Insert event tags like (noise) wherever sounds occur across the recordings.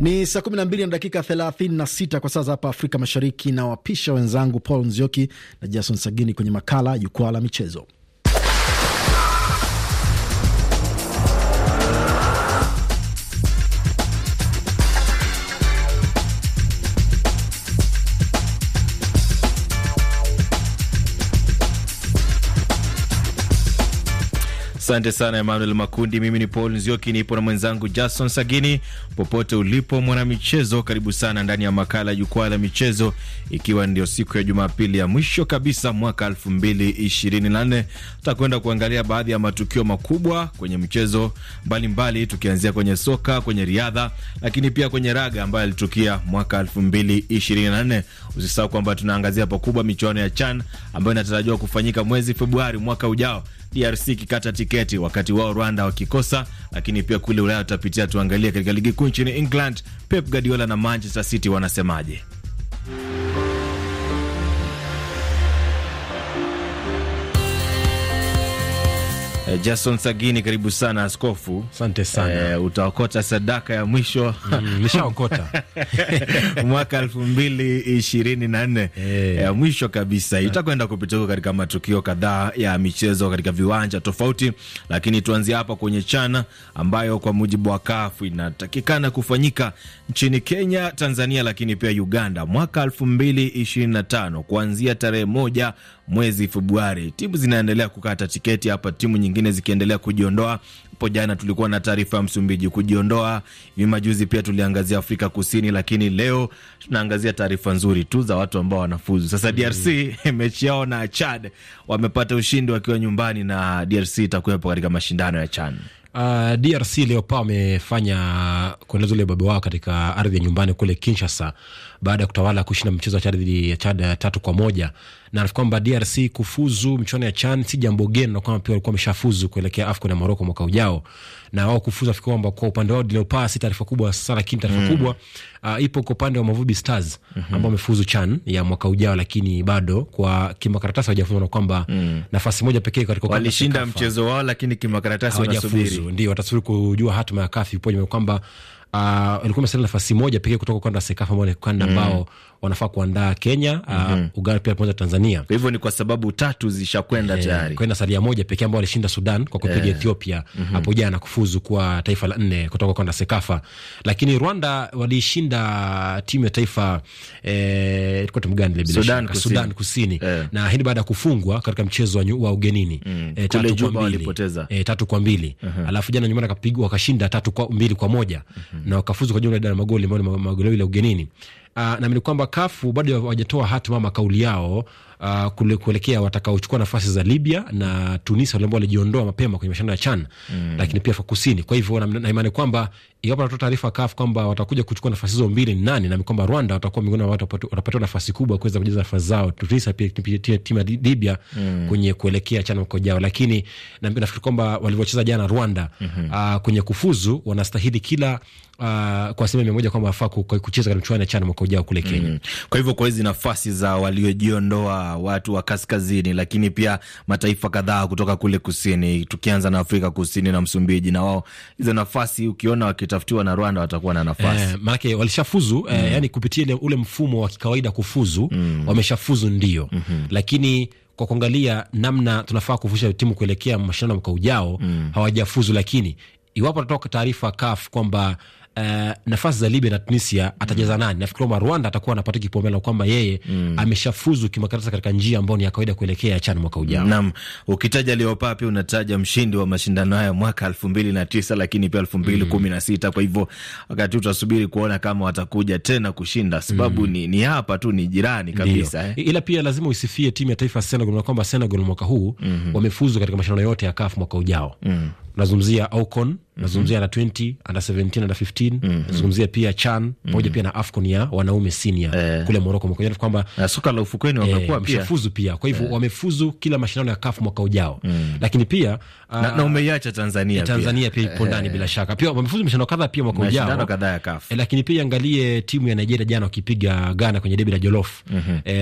Ni saa 12 na dakika 36 kwa saa za hapa Afrika Mashariki, na wapisha wenzangu Paul Nzioki na Jason Sagini kwenye makala Jukwaa la Michezo. Asante sana Emmanuel Makundi. Mimi ni Paul Nzioki, nipo na mwenzangu Jason Sagini. Popote ulipo mwanamichezo, karibu sana ndani ya makala Jukwaa la Michezo, ikiwa ndio siku ya Jumapili ya mwisho kabisa mwaka elfu Tutakwenda kuangalia baadhi ya matukio makubwa kwenye michezo mbalimbali, tukianzia kwenye soka, kwenye riadha, lakini pia kwenye raga ambayo alitukia mwaka elfu Usisahau kwamba tunaangazia pakubwa michuano ya CHAN ambayo inatarajiwa kufanyika mwezi Februari mwaka ujao. DRC ikikata tiketi, wakati wao Rwanda wakikosa. Lakini pia kule Ulaya tutapitia, tuangalie katika ligi kuu nchini England, Pep Guardiola na Manchester City wanasemaje? Eh, Jason Sagini, karibu sana askofu. Asante sana. E, utaokota sadaka ya mwisho mm, nishaokota (laughs) mwaka elfu mbili ishirini na nne hey. Eh. ya mwisho kabisa. Itakwenda kupitia huko katika matukio kadhaa ya michezo katika viwanja tofauti, lakini tuanzie hapa kwenye chana ambayo kwa mujibu wa kafu inatakikana kufanyika nchini Kenya, Tanzania lakini pia Uganda mwaka elfu mbili ishirini na tano kuanzia tarehe moja mwezi Februari. Timu zinaendelea kukata tiketi hapa, timu nyingine zingine zikiendelea kujiondoa. Hapo jana tulikuwa na taarifa ya Msumbiji kujiondoa, majuzi pia tuliangazia Afrika Kusini, lakini leo tunaangazia taarifa nzuri tu za watu ambao wanafuzu. Sasa mm-hmm. DRC (laughs) mechi yao na Chad wamepata ushindi wakiwa nyumbani, na DRC itakuwepo katika mashindano ya CHAN. Uh, ah, DRC Leopards wamefanya kuendeleza ule ubabe wao katika ardhi ya nyumbani kule Kinshasa baada ya kutawala kushinda mchezo wa Chad dhidi ya Chad eh, tatu kwa moja na nafikiri kwamba DRC kufuzu mchuano ya CHAN si jambo geni, na kwamba pia walikuwa wameshafuzu kuelekea AFCON ya Moroko mwaka ujao, na wao kufuzu afikiri kwamba kwa upande wao Leopards si taarifa kubwa sana, lakini taarifa mm. kubwa uh, ipo kwa upande wa Mavubi Stars mm -hmm. ambao wamefuzu CHAN ya mwaka ujao, lakini bado kwa kimakaratasi hawajafuzu, na kwamba mm. nafasi moja pekee katika walishinda mchezo wao, lakini kimakaratasi wanasubiri, ndio watasubiri kujua hatima ya kafi ipoje kwamba Ah, alikuwa uh, nafasi moja pekee kutoka ukanda wa Sekafa ambao ni ukanda ambao mm wanafaa kuandaa Kenya mm -hmm. uh, Uganda pia pamoja Tanzania. Kwa hivyo ni kwa sababu tatu zishakwenda e, tayari kwenda salia moja pekee ambao walishinda Sudan kwa kupiga e. Ethiopia mhm. hapo mm -hmm. jana kufuzu kuwa taifa la nne kutoka kwenda Sekafa, lakini Rwanda walishinda timu ya taifa eh, gani Sudan, Sudan Kusini eh, na hii baada ya kufungwa katika mchezo wa ugenini mm. eh, tatu kwa mbili walipoteza eh, tatu kwa mbili uh -huh. alafu jana nyumbani wakapigwa wakashinda tatu kwa mbili kwa moja uh mhm. -huh. na wakafuzu kwa jumla ya magoli ambayo magoli ya ugenini Uh, kwamba kafu bado hawajatoa hatima ama kauli yao uh, kuelekea watakaochukua nafasi za Libya na Tunisia wale ambao walijiondoa mapema kwenye mashindano ya CHAN mm, lakini pia Afrika Kusini. Kwa hivyo na, na imani kwamba iwapo anatoa taarifa CAF kwamba watakuja kuchukua nafasi hizo mbili ni na kwamba Rwanda watakuwa miongoni mwa watu watapatiwa nafasi kubwa kuweza kujaza nafasi zao. Tunisia pia timu ya Libya mm. kwenye kuelekea CHAN mwaka ujao, lakini nafikiri kwamba walivyocheza jana Rwanda mm -hmm. uh, kwenye kufuzu wanastahili kila Uh, kwa asilimia mia moja kwamba afaa kucheza katika mchuano CHAN mwaka ujao kule Kenya. Mm. Kwa hivyo kwa hizi nafasi za waliojiondoa watu wa kaskazini, lakini pia mataifa kadhaa kutoka kule kusini, tukianza na Afrika Kusini na Msumbiji, na wao hizo nafasi ukiona waki wakitafutiwa na Rwanda watakuwa na nafasi eh, maanake walishafuzu eh, mm. eh, yani kupitia ile, ule mfumo wa kikawaida kufuzu mm. wameshafuzu ndio mm -hmm. lakini kwa kuangalia namna tunafaa kuvusha timu kuelekea mashindano mwaka ujao mm. hawajafuzu, lakini iwapo watatoka taarifa kaf kwamba Eh, nafasi za Libya na Tunisia mm. nani? Nafikiri kwamba Rwanda atakuwa anapata kipaumbele kwamba yeye mm. ameshafuzu kimakarata katika njia ambayo ni ya kawaida kuelekea CHAN mwaka ujao. Naam, ukitaja Leopard pia unataja mshindi wa mashindano haya mwaka elfu mbili na tisa lakini pia elfu mbili kumi na sita mm. Kwa hivyo wakati huu tutasubiri kuona kama watakuja tena kushinda, sababu mm. ni, ni hapa tu, ni jirani kabisa eh. Ila pia lazima uisifie timu ya taifa Senegal na kwamba Senegal mwaka huu mm -hmm. wamefuzu katika mashindano yote ya CAF mwaka ujao mm nazungumzia Ocon, mhm. nazungumzia na 20, under 17, under 15, mhm. nazungumzia mm -hmm. pia CHAN mhm. pamoja pia na AFCON ya wanaume senior eh. kule Moroko mwaka jana, kwamba soka la ufukweni wamekuwa eh, pia wamefuzu pia. Kwa hivyo eh. wamefuzu kila mashindano ya CAF mwaka ujao, mm. lakini pia na na ah, umeiacha Tanzania, Tanzania pia ipo ndani bila shaka, pia wamefuzu mashindano kadhaa pia mwaka ujao, mashindano kadhaa ya CAF. Lakini pia angalie timu ya Nigeria jana wakipiga Ghana kwenye debi la Jolof,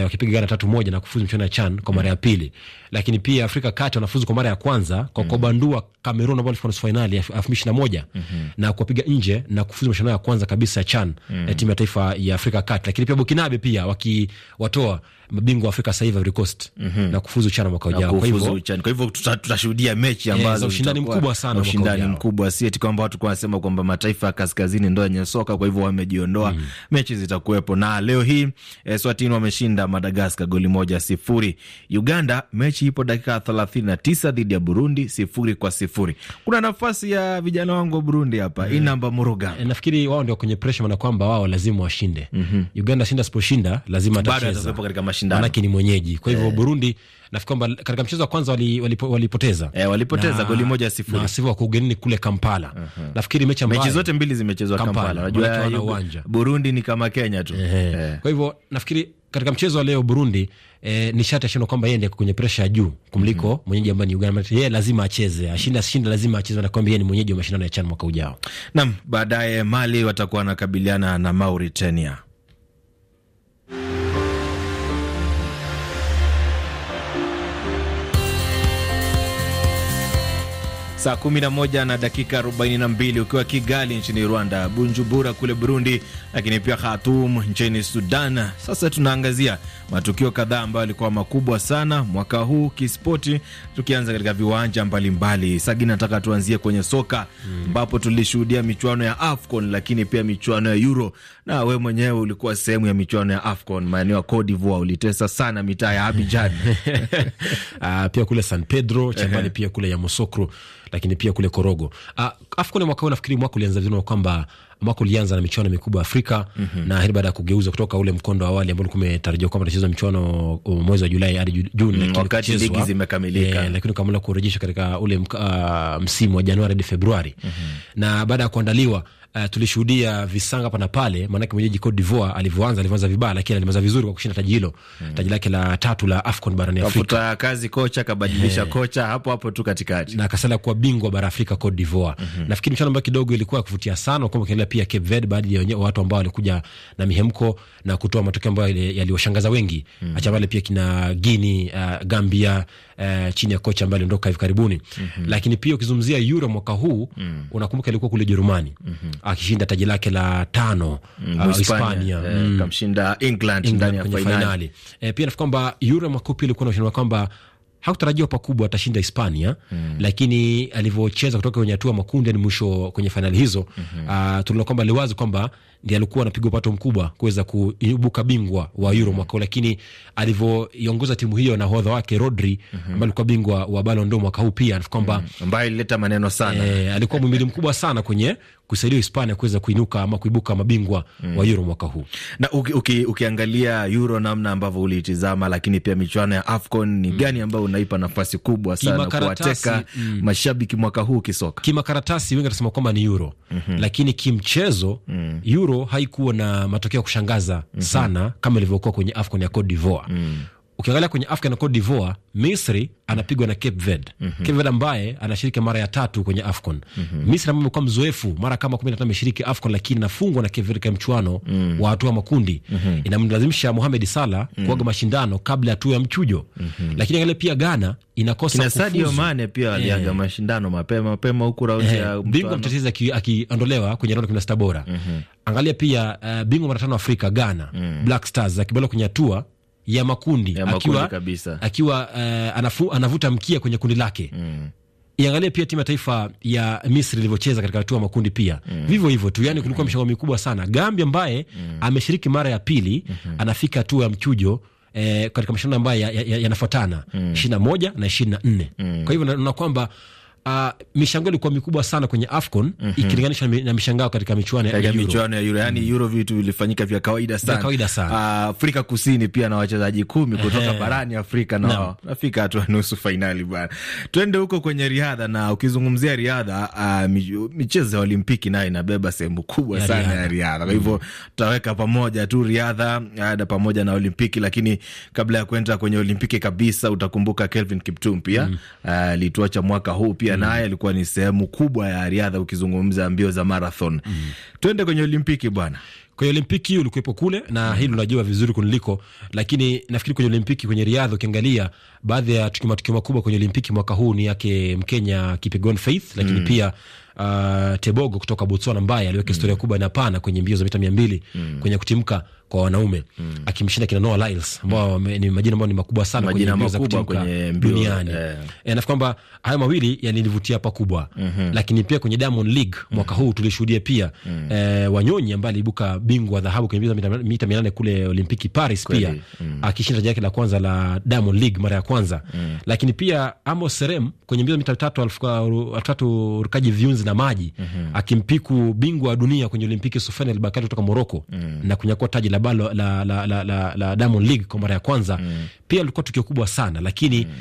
wakipiga Ghana tatu moja na kufuzu mchana CHAN kwa mara ya pili. Lakini pia Afrika Kati wanafuzu kwa mara ya kwanza kwa kobandua Cameroon ambao alifunga nusu fainali elfu mbili ishirini na moja mhm. na kuwapiga nje na kufuzu mashindano ya kwanza kabisa ya CHAN mm -hmm. timu ya taifa ya Afrika Kati, lakini pia Bukinabe pia wakiwatoa mabingwa wa Afrika sasa hivi Ivory Coast mm -hmm. na kufuzu chana mwaka ujao. Kwa hivyo kwa hivyo tutashuhudia mechi eh, ambazo yeah, ushindani mkubwa sana, ushindani mkubwa, si eti kwamba watu wanasema kwamba mataifa ya kaskazini ndio yenye soka, kwa hivyo wamejiondoa. mm -hmm. mechi zitakuwepo, na leo hii eh, Eswatini wameshinda Madagaskar goli moja sifuri. Uganda mechi ipo dakika thelathini na tisa dhidi ya Burundi sifuri kwa sifuri. Kuna nafasi ya vijana wangu wa Burundi hapa mm. Eh. -hmm. Inamba Muruga, e, nafikiri wao ndio kwenye presha, maana kwamba wao lazima washinde. mm -hmm. Uganda shinda siposhinda lazima atacheza mashindano, manake ni mwenyeji. Kwa hivyo eh. Burundi nafikiri kwamba katika mchezo wa kwanza walipoteza wali, wali e, walipoteza goli moja sifuri na ugenini kule Kampala. Uh-huh. Nafikiri mechi ambayo mechi zote mbili zimechezwa Kampala, unajua uwanja Burundi ni kama Kenya tu e, e. Kwa hivyo nafikiri katika mchezo wa leo Burundi eh, ni ashindwa kwamba yeye ndiye kwenye presha ya juu kumliko mm -hmm. mwenyeji ambaye ni Uganda. Yeye lazima acheze, ashinde lazima acheze, na kwamba yeye ni mwenyeji wa mashindano ya CHAN mwaka ujao. Naam, baadaye Mali watakuwa wanakabiliana na Mauritania. saa 11 na dakika 42 ukiwa Kigali nchini Rwanda, Bunjubura kule Burundi, lakini pia Khartoum nchini Sudan. Sasa tunaangazia matukio kadhaa ambayo yalikuwa makubwa sana mwaka huu kispoti, tukianza katika viwanja mbalimbali. Sagi, nataka tuanzie kwenye soka mm. ambapo mm, tulishuhudia michuano ya AFCON lakini pia michuano ya Euro, na we mwenyewe ulikuwa sehemu ya michuano ya AFCON maeneo ya Cote d'Ivoire, ulitesa sana mitaa ya Abidjan (laughs) ah, pia kule San Pedro chambani pia kule Yamoussoukro lakini pia kule Korogo. Uh, ah, AFCON mwaka huu nafikiri mwaka ulianza vizuri kwamba mwaka ulianza na michuano mikubwa Afrika mm -hmm. na baada ya kugeuza kutoka ule mkondo wa awali ambao ulikuwa umetarajiwa kwamba utachezwa michuano uh, mwezi wa Julai hadi Juni, mm, wakati ligi zimekamilika yeah, lakini ukamaliza kurejesha katika ule uh, msimu wa Januari hadi Februari mm -hmm. na baada ya kuandaliwa uh, tulishuhudia visanga hapa na pale, maanake mwenyeji Cote d'Ivoire alivyoanza alivyoanza vibaya, lakini alimaliza vizuri kwa kushinda taji hilo mm. taji lake la tatu la AFCON barani Afrika. Kafuta kazi kocha, kabadilisha yeah. kocha hapo hapo tu katikati, na akasalia kuwa bingwa bara Afrika Cote d'Ivoire mm -hmm. Nafikiri mchana ambayo kidogo ilikuwa ya kuvutia sana, kwa kuendelea pia Cape Verde, baadhi ya watu ambao walikuja na mihemko na kutoa matokeo ambayo yaliwashangaza wengi mm -hmm. acha pale pia kina Guinea, uh, Gambia Eh, chini ya kocha ambaye aliondoka hivi karibuni mm -hmm. Lakini pia ukizungumzia Euro mwaka huu mm -hmm. unakumbuka alikuwa kule Jerumani mm -hmm. akishinda taji lake la tano mm -hmm. uh, Hispania eh, mm kamshinda England ndani ya fainali eh, pia nafikiri kwamba Euro mwaka huu pia alikuwa na ushindani kwamba hakutarajiwa pakubwa atashinda Hispania mm. Lakini alivyocheza kutoka kwenye hatua makundi ni mwisho kwenye fainali hizo mm -hmm. Uh, tuliona kwamba aliwazi kwamba ndiye alikuwa anapigwa pato mkubwa kuweza kuibuka bingwa wa Euro mm-hmm. mwaka huu, lakini alivyoiongoza timu hiyo na hodha wake Rodri mm-hmm. ambaye alikuwa bingwa wa Ballon d'Or mwaka huu pia kwamba mm-hmm. ambaye ilileta maneno sana e, alikuwa muhimili (laughs) mkubwa sana kwenye kusaidia Hispania kuweza kuinuka ama kuibuka mabingwa mm. wa Euro mwaka huu. Na uki, uki, ukiangalia Euro namna ambavyo uliitizama, lakini pia michuano ya AFCON ni mm. gani ambayo unaipa nafasi kubwa sana kuwateka mm. mashabiki mwaka huu kisoka? Kimakaratasi wengi atasema kwamba ni Euro mm -hmm. lakini kimchezo mm. Euro haikuwa na matokeo ya kushangaza mm -hmm. sana kama ilivyokuwa kwenye AFCON ya Cote d'Ivoire mm. Ukiangalia kwenye Afrika na Cote d'Ivoire, Misri anapigwa na Cape Verde. Mm -hmm. Cape Verde ambaye anashiriki mara ya tatu kwenye AFCON. Mm -hmm. Misri ambaye amekuwa mzoefu mara kama kumi na tano ameshiriki AFCON lakini nafungwa na Cape Verde katika mchuano mm -hmm. wa hatua makundi. Mm -hmm. Inamlazimisha Mohamed Salah mm -hmm. kuaga mashindano kabla ya hatua ya mchujo. Mm -hmm. Lakini angalia pia Ghana inakosa kufuzu. Sadio Mane pia aliaga eh, mashindano mapema mapema huku raundi eh, ya bingwa mtetezi akiondolewa kwenye raundi 16 bora. Mm -hmm. Angalia pia uh, bingwa mara tano Afrika Ghana, mm -hmm. Black Stars akibala kwenye hatua ya makundi, ya makundi akiwa, kabisa. akiwa uh, anafu, anavuta mkia kwenye kundi lake mm. Iangalie pia timu ya taifa ya Misri ilivyocheza katika hatua makundi pia mm. vivyo hivyo tu, yani kulikuwa mm. mshangao mikubwa sana. Gambia ambaye mm. ameshiriki mara ya pili mm -hmm. anafika hatua ya mchujo eh, katika mashindano ambayo yanafuatana ya, ya, ya, ya, mm. na moja na ishirini na nne mm. kwa hivyo naona kwamba uh, ah, mishangao ilikuwa mikubwa sana kwenye AFCON mm -hmm. ikilinganishwa na mishangao katika michuano ya Euro. Michuano ya Euro, yani mhm. Euro vitu vilifanyika vya kawaida sana. Vya kawaida sana. Uh, Afrika Kusini pia na wachezaji kumi kutoka barani Afrika na no. nafika hatua nusu fainali bana. Twende huko kwenye riadha na ukizungumzia riadha uh, michezo ya Olimpiki nayo inabeba sehemu kubwa ya sana riadha. ya riadha. Kwa hivyo mm. tutaweka pamoja tu riadha ada pamoja na Olimpiki, lakini kabla ya kwenda kwenye Olimpiki kabisa utakumbuka Kelvin Kiptum pia mm. uh, alituacha mwaka huu pia na haya naye alikuwa ni sehemu kubwa ya riadha ukizungumza mbio za marathon mm. Twende kwenye Olimpiki bwana. Kwenye Olimpiki hii ulikuwepo kule na mm. hili unajua vizuri kuniliko, lakini nafikiri kwenye Olimpiki, kwenye riadha, ukiangalia baadhi ya tukio matukio makubwa kwenye Olimpiki mwaka huu ni yake Mkenya Kipegon Faith, lakini mm. pia uh, Tebogo kutoka Botswana ambaye aliweka mm. historia mm. kubwa na pana kwenye mbio za mita mia mbili mm. kwenye kutimka kwa wanaume mm. akimshinda kina Noah Lyles ambao mm. ni majina ambayo ni makubwa sana kwenye mbio za kutimka kwenye mbio duniani. Yeah. E, eh, nafikiri kwamba haya mawili yalinivutia pakubwa mm -hmm. lakini pia kwenye Diamond League mwaka mm. huu tulishuhudia pia mm. e, Wanyonyi ambaye aliibuka bingwa dhahabu kwenye mbio mita mia nane kule Olimpiki Paris pia mm. akishinda taji lake la kwanza la Diamond League mara ya kwanza mm. lakini pia Amos Serem kwenye mbio za mita elfu tatu rukaji viunzi na maji mm -hmm. akimpiku bingwa wa dunia kwenye Olimpiki Soufiane El Bakkali kutoka Morocco mm. na kunyakua taji la, la, la, la, la, la, la Diamond League kwa mara ya kwanza mm. pia lilikuwa tukio kubwa sana lakini mm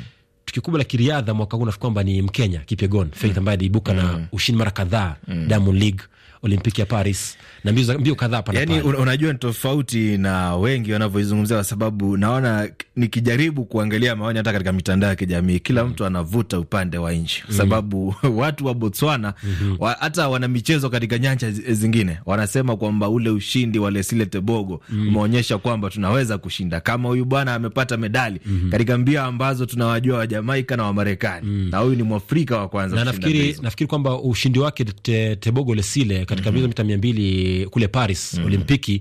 tukio kubwa la kiriadha mwaka huu nafikiri kwamba ni Mkenya Kipyegon Faith mm. ambaye aliibuka mm. na ushindi mara kadhaa mm. Diamond League mm. Olimpiki ya Paris na mbio, mbio kadhaa pana yani, pana. Unajua ni tofauti na wengi wanavyoizungumzia, kwa sababu naona nikijaribu kuangalia maoni hata katika mitandao ya kijamii kila mm-hmm. mtu anavuta upande wa nchi kwa mm-hmm. sababu (laughs) watu wa Botswana mm-hmm. hata wa, wana michezo katika nyanja zingine wanasema kwamba ule ushindi wa Lesile Tebogo umeonyesha kwamba tunaweza kushinda kama huyu bwana amepata medali katika mbio ambazo tunawajua Wajamaika na Wamarekani mm. na huyu ni Mwafrika wa kwanza. Na nafikiri kwamba ushindi wake Tebogo Lesile katika mm -hmm. mita mia mbili kule Paris mm -hmm. Olimpiki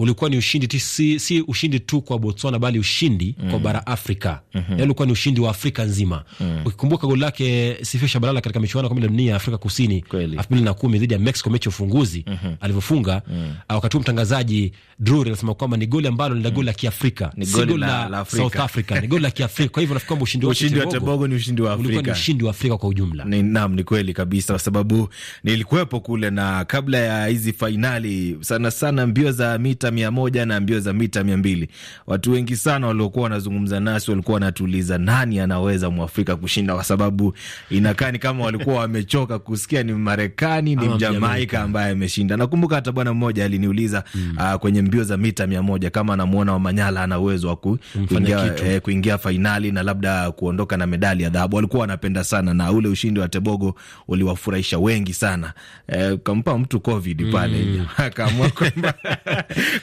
ulikuwa ni ushindi si, si ushindi tu kwa Botswana bali ushindi mm. kwa bara Afrika mm -hmm. yaani ulikuwa ni ushindi wa Afrika nzima mm. ukikumbuka goli lake Sifio Shabalala katika michuano ya kombe la dunia ya Afrika Kusini elfu mbili na kumi dhidi ya Mexico, mechi ya ufunguzi mm -hmm. alivyofunga mm. wakati huo mtangazaji Drury anasema kwamba ni goli ambalo ni la goli la mm. Kiafrika, si goli la, South Africa ni goli la Kiafrika. Kwa hivyo nafikiri kwamba ushindi, ushindi wa Tebogo ni ushindi wa Afrika, ulikuwa ni ushindi wa Afrika kwa ujumla. Ni, naam, ni kweli kabisa, kwa sababu nilikuwepo kule na kabla ya hizi fainali sana sana mbio za mita mita mia moja na mbio za mita mia mbili. Watu wengi sana waliokuwa wanazungumza nasi walikuwa wanatuuliza nani anaweza mwafrika kushinda, kwa sababu inakaa ni kama walikuwa (laughs) wamechoka kusikia ni Marekani ni Mjamaika ambaye ameshinda. Nakumbuka hata bwana mmoja aliniuliza mm. uh, kwenye mbio za mita mia moja kama anamwona Wamanyala ana uwezo wa kuingia, eh, kuingia fainali na labda kuondoka na medali ya dhahabu. Walikuwa wanapenda sana na ule ushindi wa Tebogo uliwafurahisha wengi sana. Eh, kampa mtu covid pale mm. (laughs) akaamua kwamba (laughs)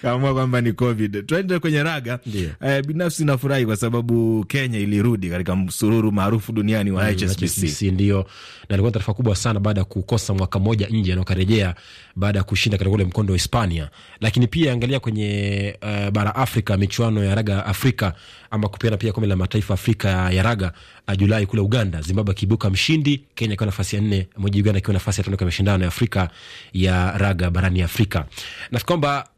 kaamua kwamba ni COVID. Tuende kwenye raga eh, binafsi nafurahi kwa sababu Kenya ilirudi katika msururu maarufu duniani wa HSBC, ndio na ilikuwa taarifa kubwa sana baada ya kukosa mwaka moja nje, na ukarejea baada ya kushinda katika ule mkondo wa Hispania. Lakini pia angalia kwenye uh, bara Afrika, michuano ya raga Afrika ama kupeana pia kombe la mataifa Afrika ya raga uh, Julai kule Uganda, Zimbabwe akiibuka mshindi, Kenya ikiwa nafasi ya nne, mmoja Uganda ikiwa nafasi ya tano kwenye mashindano ya Afrika ya raga barani Afrika. Nafikiri kwamba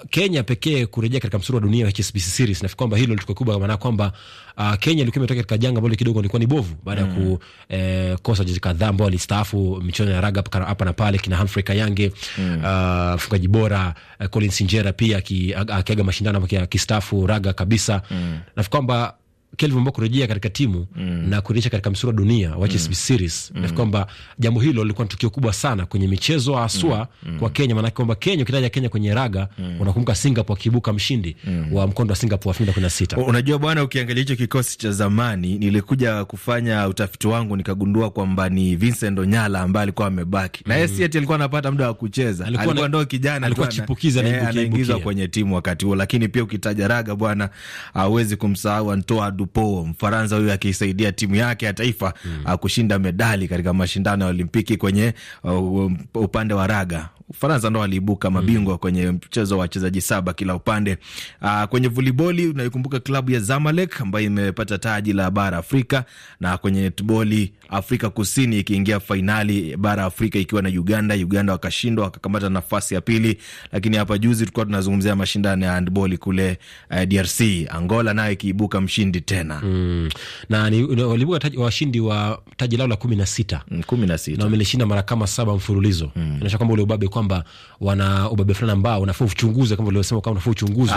uh, Kenya pekee kurejea katika msuru wa dunia wa HSBC series, nafikiri kwamba hilo litakuwa kubwa, maana kwamba uh, Kenya ilikuwa imetoka katika janga ambalo kidogo lilikuwa ni bovu baada ya mm. kukosa eh, wachezaji kadhaa ambao walistaafu michuano ya raga hapa na pale, kina Humphrey Kayange mm. uh, mfungaji bora uh, Collins Injera pia akiaga mashindano kistafu raga kabisa mm. nafikiri kwamba Kelvin Mboko kurejea katika timu mm. na kurejesha katika msuru wa dunia wa mm. HSBC series mm. nafikiri kwamba jambo hilo lilikuwa tukio kubwa sana kwenye michezo haswa mm. mm. kwa Kenya, maanake kwamba Kenya, ukitaja Kenya kwenye raga mm. unakumbuka Singapore akiibuka mshindi mm. wa mkondo wa Singapore wa elfu mbili kumi na sita. Unajua bwana, ukiangalia hicho kikosi cha zamani, nilikuja kufanya utafiti wangu nikagundua kwamba ni Vincent Onyala ambaye alikuwa amebaki na yeye mm. alikuwa anapata muda wa kucheza, alikuwa ndo kijana, alikuwa chipukiza eh, na kuingizwa kwenye timu wakati huo, lakini pia ukitaja raga bwana, hawezi kumsahau Antoine Dupo Mfaransa huyu akisaidia timu yake ya taifa mm. kushinda medali katika mashindano ya Olimpiki kwenye uh, upande wa raga Ufaransa ndo waliibuka mabingwa mm. kwenye mchezo wa wachezaji saba kila upande. Aa, ah, kwenye voliboli unaikumbuka klabu ya Zamalek ambayo imepata taji la bara Afrika, na kwenye netboli Afrika Kusini ikiingia fainali bara Afrika ikiwa na Uganda. Uganda wakashindwa wakakamata nafasi ya pili, lakini hapa juzi tulikuwa tunazungumzia mashindano ya handboli kule uh, eh, DRC, Angola nayo ikiibuka mshindi tena mm. na ni, waliibuka washindi wa taji lao la kumi na sita mm, kumi na sita na wamelishinda mara kama saba mfululizo mm. inaonyesha kwamba ule ubabe kwamba wana ubabe fulani ambao unafaa uchunguze, kama ulivyosema kwamba unafaa uchunguzi,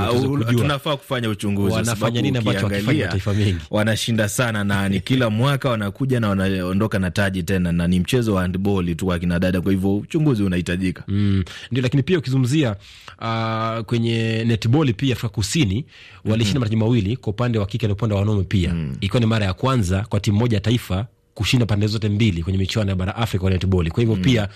ah, tunafaa kufanya uchunguzi. Wanafanya nini ambacho wakifanya mataifa mengi? Wanashinda sana na ni kila (laughs) mwaka wanakuja na wanaondoka na taji tena, na ni mchezo wa handball tu kwa kina dada, kwa hivyo uchunguzi unahitajika. Mm, ndio. Lakini pia ukizungumzia uh, kwenye netball pia Afrika Kusini walishinda mm -hmm. mataji mawili kwa upande wa kike na upande wa wanaume pia mm -hmm. ikiwa ni mara ya kwanza kwa timu moja ya taifa kushinda pande zote mbili kwenye michuano ya bara Afrika ya netball. Kwa hivyo mm. pia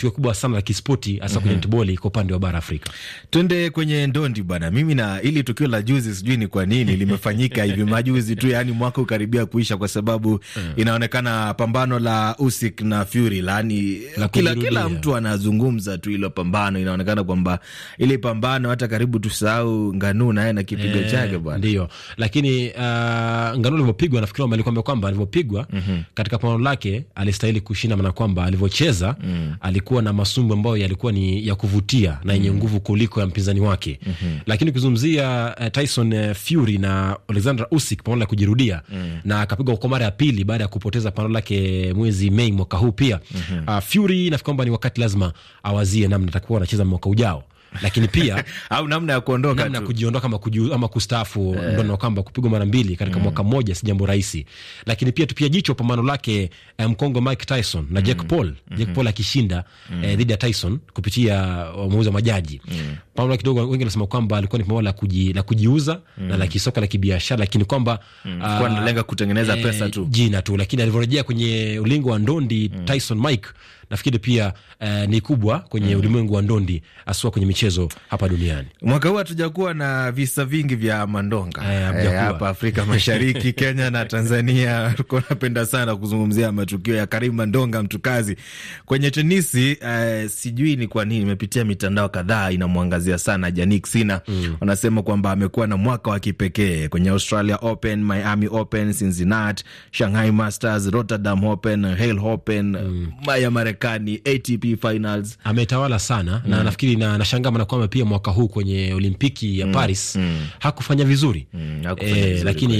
tukio kubwa sana la kispoti hasa mm -hmm. kwenye mhm. netball kwa upande wa bara Afrika. Twende kwenye ndondi bwana, mimi na ili tukio la juzi, sijui ni kwa nini limefanyika hivi majuzi tu, yaani mwaka ukaribia kuisha, kwa sababu mm. inaonekana pambano la Usyk na Fury lani la kila, kila mtu anazungumza tu hilo pambano, inaonekana kwamba ile pambano hata karibu tusahau Nganu naye na kipigo e, chake bwana, ndio lakini uh, ah, Nganu alivyopigwa, nafikiri wamelikwambia kwamba alivyopigwa mm -hmm. katika pambano lake alistahili kushinda, maana kwamba alivyocheza mm. alikuwa alikuwa na masumbu ambayo yalikuwa ni ya kuvutia na yenye mm. nguvu kuliko ya mpinzani wake mm -hmm. Lakini ukizungumzia uh, Tyson uh, Fury na Alexander Usyk pambano ya kujirudia mm -hmm. na akapigwa kwa mara ya pili baada ya kupoteza pambano lake mwezi Mei mwaka huu pia mm -hmm. uh, Fury nafikiri kwamba ni wakati lazima awazie namna atakuwa anacheza mwaka ujao lakini pia (laughs) au namna ya kuondoka, namna kujiondoka ama, kuji, ama kustaafu yeah. Ndono kwamba kupigwa mara mbili katika mm. mwaka mmoja si jambo rahisi, lakini pia tupia jicho pambano lake eh, mkongo um, Mike Tyson na mm. Jack Paul mm -hmm. Jack Paul akishinda mm. eh, dhidi ya Tyson kupitia uh, uamuzi wa majaji mm. pambano kidogo, wengi wanasema kwamba alikuwa ni pambano la, kuji, la kujiuza mm. na la kisoka la kibiashara, lakini kwamba mm. uh, analenga kutengeneza eh, pesa tu jina tu, lakini alivyorejea kwenye ulingo wa ndondi mm. Tyson Mike nafikiri pia uh, ni kubwa kwenye mm. ulimwengu wa ndondi haswa kwenye michezo hapa duniani. Mwaka huu hatujakuwa na visa vingi vya mandonga eh, eh, Afrika Mashariki (laughs) Kenya na Tanzania tuko napenda sana kuzungumzia matukio ya Karim Mandonga, mtu kazi kwenye tenisi Uh, sijui ni kwa nini imepitia mitandao kadhaa inamwangazia sana Jannik Sinner mm. wanasema kwamba amekuwa na mwaka wa kipekee kwenye Australia Open, Miami Open, Cincinnati, Shanghai Masters, Rotterdam Open, Halle Open mm. ya Marekani Marekani, ATP Finals. Ametawala sana mm. na nafikiri na nashangaa na kwamba pia mwaka huu kwenye Olimpiki ya mm. Paris mm. hakufanya vizuri mm, hakufanya e, lakini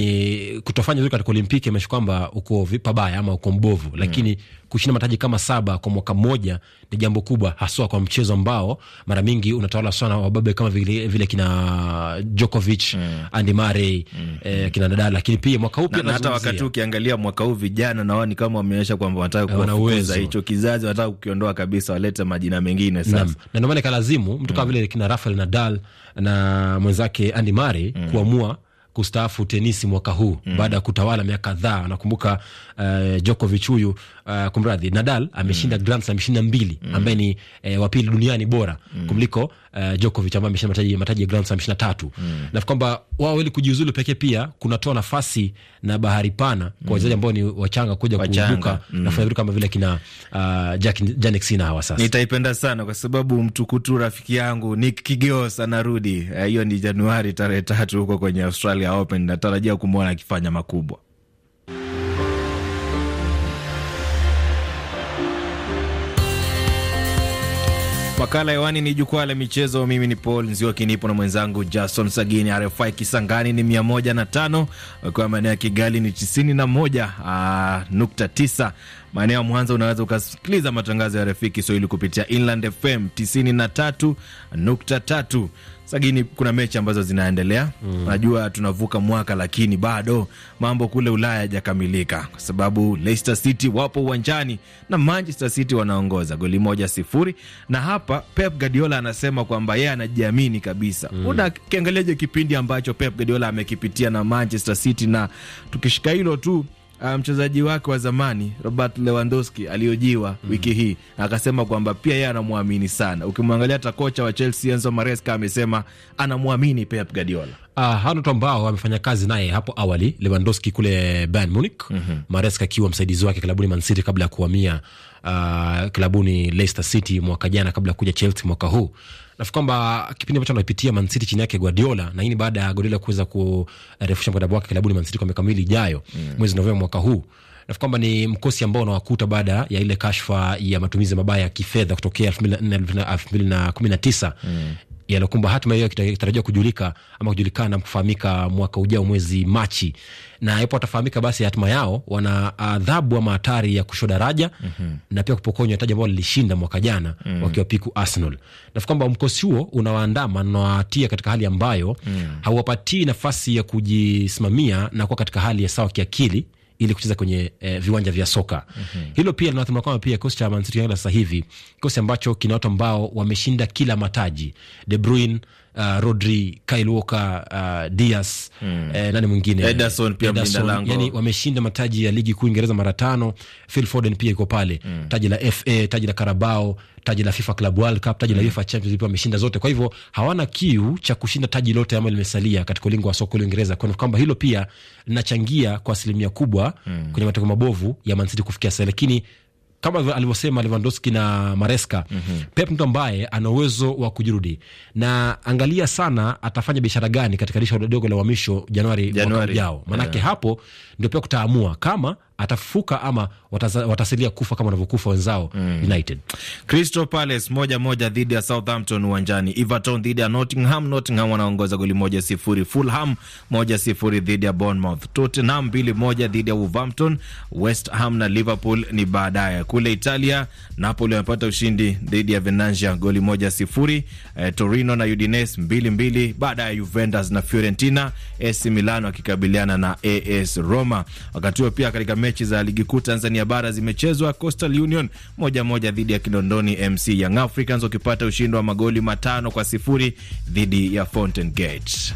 kwe. kutofanya vizuri katika Olimpiki amesha kwamba uko vipabaya ama uko mbovu, mm. lakini kushinda mataji kama saba kwa mwaka mmoja ni jambo kubwa, haswa kwa mchezo ambao mara mingi unatawala sana wababe kama vile, vile kina Djokovic mm. Andy Murray mm. e, kina Nadal, lakini pia mwaka huu pia hata wakati ukiangalia mwaka huu vijana na wao ni kama wameonyesha kwamba wanataka kuwafukuza hicho kizazi hata ukiondoa kabisa walete majina mengine sasa. Na ndio maana mtu kama mm. vile kina Rafael Nadal na mwenzake Andy Murray mm. kuamua kustaafu tenisi mwaka huu mm. baada ya kutawala miaka kadhaa. Nakumbuka uh, Djokovic huyu uh, kumradhi Nadal ameshinda mm. Grand Slam ishirini na mbili mm. ambaye ni eh, wa pili duniani bora mm. kumliko uh, Djokovic ambaye ameshinda mataji, mataji ya Grand Slam ishirini na tatu mm. nafikiri kwamba wao ili kujiuzulu pekee pia kunatoa nafasi na bahari pana kwa mm. wachezaji ambao ni wachanga kuja kuibuka mm. na kufanya vitu kama vile kina uh, Jack, Jannik Sinner hawa sasa. Nitaipenda sana kwa sababu mtukutu rafiki yangu Nick Kyrgios anarudi eh, hiyo, uh, ni Januari tarehe tatu huko kwenye Australia Open, natarajia kumwona akifanya makubwa. Makala hewani ni jukwaa la michezo. Mimi ni Paul Nzioki, nipo na mwenzangu Jason Sagini. RFI Kisangani ni 105, kwa maeneo ya Kigali ni 91.9. Ah, nukta 9 maeneo ya Mwanza unaweza ukasikiliza matangazo ya RFI Kiswahili kupitia Inland FM 93.3. Sagini, kuna mechi ambazo zinaendelea mm. Najua tunavuka mwaka, lakini bado mambo kule Ulaya hayajakamilika kwa sababu Leicester City wapo uwanjani na Manchester City wanaongoza goli moja sifuri, na hapa Pep Guardiola anasema kwamba yeye anajiamini kabisa mm. Una kiangaliaje kipindi ambacho Pep Guardiola amekipitia na Manchester City, na tukishika hilo tu Ah, mchezaji wake wa zamani Robert Lewandowski aliyojiwa mm -hmm. wiki hii akasema kwamba pia yeye anamwamini sana. Ukimwangalia hata kocha wa Chelsea Enzo Maresca amesema anamwamini Pep Guardiola. Uh, ah, hanot ambao amefanya kazi naye hapo awali Lewandowski kule Bayern Munich mm -hmm. Maresca akiwa msaidizi wake klabuni Man City kabla ya kuhamia uh, klabuni Leicester City mwaka jana kabla ya kuja Chelsea mwaka huu. Nafikiri kwamba kipindi ambacho anapitia Man City chini yake Guardiola, na hii ni baada ya Guardiola kuweza kurefusha mkataba wake klabuni Man City kwa miaka miwili ijayo mm. mwezi Novemba mwaka huu nafikiri kwamba ni mkosi ambao unawakuta baada ya ile kashfa ya matumizi mabaya ya kifedha kutokea elfu mbili na kumi na tisa mm yaliyokumba hatima hiyo kitarajiwa kujulika ama kujulikana kufahamika mwaka ujao mwezi Machi, na ipo watafahamika basi hatima yao, wana adhabu ama hatari ya kushushwa daraja mm -hmm. na pia kupokonywa taji ambao lilishinda mwaka jana mm -hmm. wakiwapiku Arsenal. Nafikiri kwamba mkosi huo unawaandama na katika hali ambayo mm -hmm. hauwapatii nafasi ya kujisimamia na kuwa katika hali ya sawa kiakili ili kucheza kwenye eh, viwanja vya soka mm -hmm. Hilo pia linasema kwamba pia kikosi cha Man City sasa hivi kikosi ambacho kina watu ambao wameshinda kila mataji De Bruyne uh, Rodri, Kyle Walker, uh, Dias mm. eh, nani mwingine Ederson, pia Ederson, lango. Yani wameshinda mataji ya ligi kuu Ingereza mara tano. Phil Foden pia iko pale mm. taji la FA, taji la Carabao, taji la FIFA Club World Cup, taji mm. la hmm. UEFA Champions pia wameshinda zote. Kwa hivyo hawana kiu cha kushinda taji lote ambalo limesalia katika ulingo wa soka Uingereza, kwa kwamba hilo pia linachangia kwa asilimia kubwa mm. kwenye matokeo mabovu ya Man City kufikia sasa, lakini kama alivyosema Lewandowski na Maresca mm -hmm. Pep mtu ambaye ana uwezo wa kujirudi na angalia sana atafanya biashara gani katika dirisha dogo la uhamisho Januari mwaka ujao, maanake yeah. hapo ndio pia kutaamua kama atafuka ama wataza, watasilia kufa kama wanavyokufa wenzao mm. United. Crystal Palace moja moja dhidi ya Southampton uwanjani. Everton dhidi ya Nottingham, Nottingham wanaongoza goli moja sifuri. Fulham moja sifuri dhidi ya Bournemouth. Tottenham mbili moja dhidi ya Wolverhampton. West Ham na Liverpool ni baadaye. Kule Italia, Napoli wamepata ushindi dhidi ya Venezia goli moja sifuri. Eh, Torino na Udinese mbili mbili. Baadaye Juventus na Fiorentina, AC Milan wakikabiliana na AS Roma. Wakati huo pia katika mechi za ligi kuu Tanzania bara zimechezwa, Coastal Union moja moja dhidi ya Kinondoni MC, Young Africans wakipata ushindi wa magoli matano kwa sifuri dhidi ya Fountain Gate.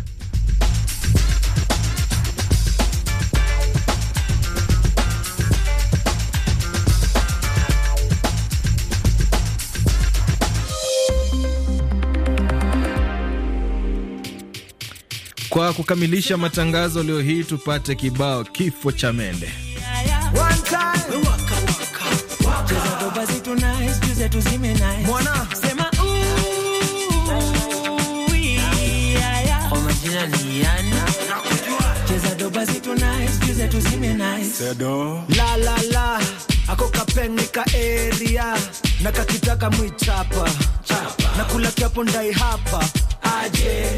Kwa kukamilisha matangazo leo hii, tupate kibao kifo cha mende. mavazi tu nice, juze tuzime nice. Mwana sema la la la ako kapengika area na kakitaka mwichapa na kula kiapo ndai hapa aje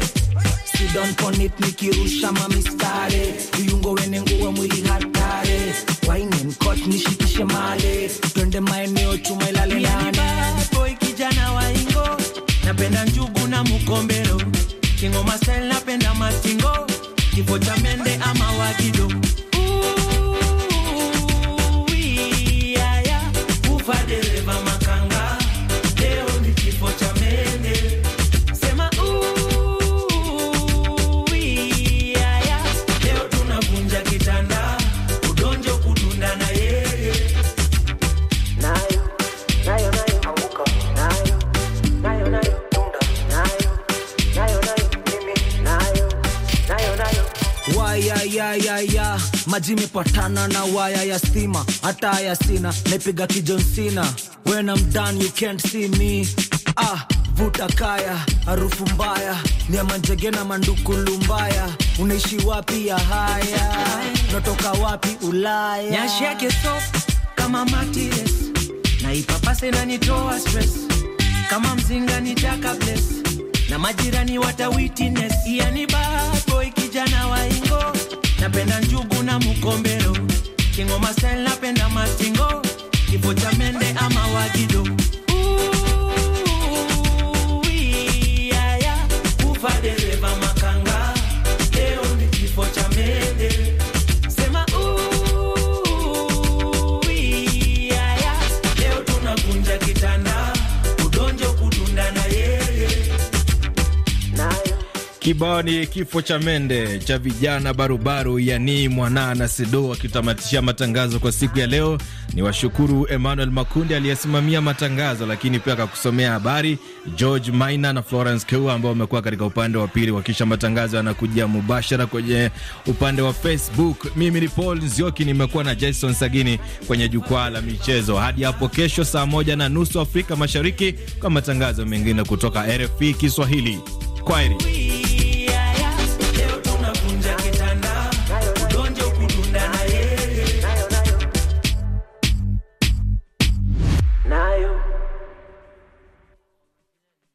you don't connect nikirusha mamistare eh. viungo wene nguwa mwili hatare eh. waine mkot nishikishe male twende maeneo tumailale nane boy kijana waingo napenda njugu na mukombero kingoma masel napenda masingo kifo cha mende ama wakido Ooh, yeah, yeah. Ufadele. maji mipatana na waya ya stima, hata ya sina naipiga kijonsina. When I'm done you can't see me. Ah, vuta kaya, harufu mbaya niamanjege na manduku lumbaya. Unaishi wapi ya haya? Natoka wapi Ulaya? Nyashi yake soft kama matires, naipapase nanitoa stress kama mzinga ni jaka bless na majirani wata witness. Yani bad boy kijana waingo napenda njugu na mukombero, kingoma style napenda mastingo, kifo cha mende ama wagido Ooh, yeah, yeah. Ufa dereva Kibao ni kifo cha mende cha vijana barubaru, yani mwana na Sedo, wakitamatishia matangazo kwa siku ya leo. Ni washukuru Emmanuel Makundi aliyesimamia matangazo, lakini pia akakusomea habari, George Maina na Florence ku ambao wamekuwa katika upande wa pili, wakisha matangazo yanakuja mubashara kwenye upande wa Facebook. Mimi ni Paul Nzioki, nimekuwa na Jason Sagini kwenye jukwaa la michezo. Hadi hapo kesho saa moja na nusu Afrika Mashariki, kwa matangazo mengine kutoka RFI Kiswahili. Quairi.